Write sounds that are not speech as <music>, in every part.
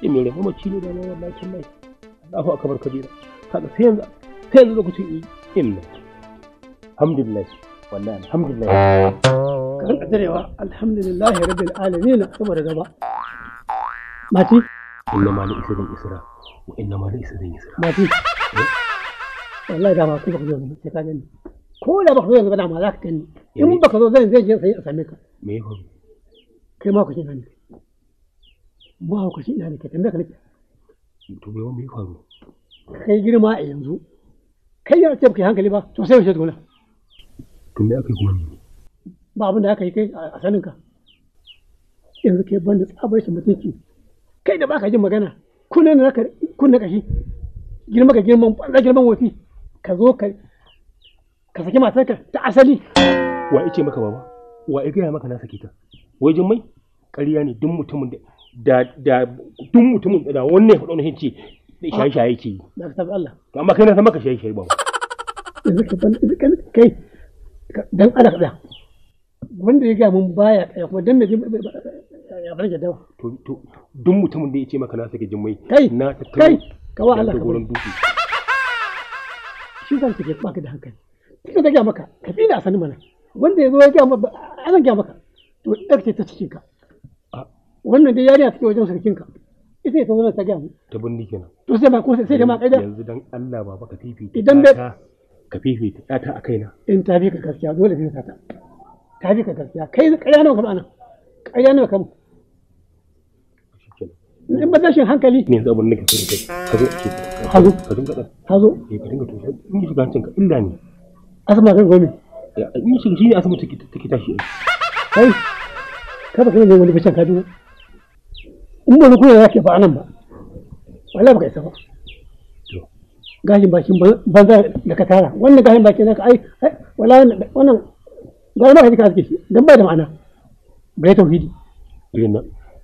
in mai rahama ci ne da na wannan kin mai Allahu akbar kabira kaga sai yanzu sai yanzu lokacin imna alhamdulillah wallahi alhamdulillah kan kadarewa alhamdulillah rabbil alamin saboda gaba mati kullum innama isa isirin isra wa inna innama isa isirin isra mafi wallahi da ma ku baka zo yanzu sai ka gani ko da baka zo yanzu ba da ma za ka gani in baka zo zan zai je sai a same ka me ya faru kai ma ku shi ne ba ku shi ina ne ka tambaya ka ne to me wani ya faru kai girma a yanzu kai ya ce baka hankali ba to sai ya shi tukuna to me aka yi kuma ba abin da aka yi kai a sanin ka yanzu ke banda tsabar shi mutunci kai da baka jin magana kunan da naka kunan kashi girma ka girma ba girma wofi ka zo ka ka saki matarka ta asali wa ice maka baba wa ya gaya maka na saki ta wai jin mai ƙarya ne duk mutumin da da da duk mutumin da wannan faɗo na da shaye shaye yake yi da ka tabi Allah to amma kai na san maka shaye shaye baba kai dan Allah ka wanda ya gaya mun baya kuma dan me rage dau to to duk mutumin da ya ce maka na sake jimmai kai na kai ka wa Allah ka gurin dutse <laughs> shi zan take baka da hankali kika ta gaya maka ka fi da asani mana wanda ya zo ya gaya maka an gaya maka to ɗar ce ta cikinka. wannan dai yarinya take wajen sarkin ka ita ita zo ta gaya mu ta binni kenan to sai ma ko sai da ma da? yanzu dan Allah baba ka fifita idan da ka fifita ta ta a kaina in ta bi ka gaskiya dole ne ka ta ta bi ka gaskiya kai ya nawa kam anan ya nawa kam in ba tashin hankali ne kai ka zo ka zo ka dinga ka zo eh, ka dinga tushe in ki shiga illa ne asma kan in shine asma take take tashi kai ka ba kana ne wani ka dubo in ba ku anan ba wallahi ba gashin bakin banza da ka tara wannan gashin bakin naka ai wallahi wannan ka aske shi dan bai da ma'ana bai tauhidi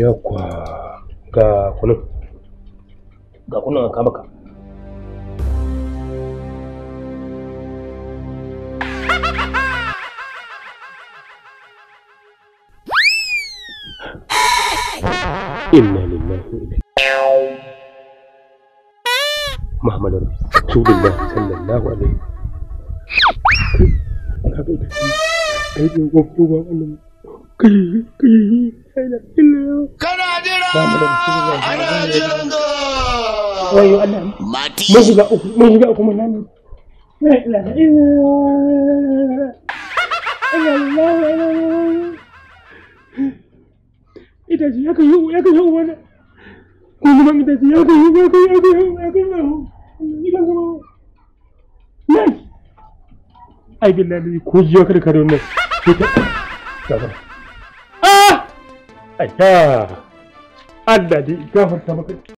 Yawwa ga kunun. Ga kunun an ka. Inna lillahi Rasulullah sallallahu alaihi kana jira ana jiran ka wayo Allah mati mun shiga uku mun shiga uku mun nan ita ko jiya kada ka don Allah dai gafarta maka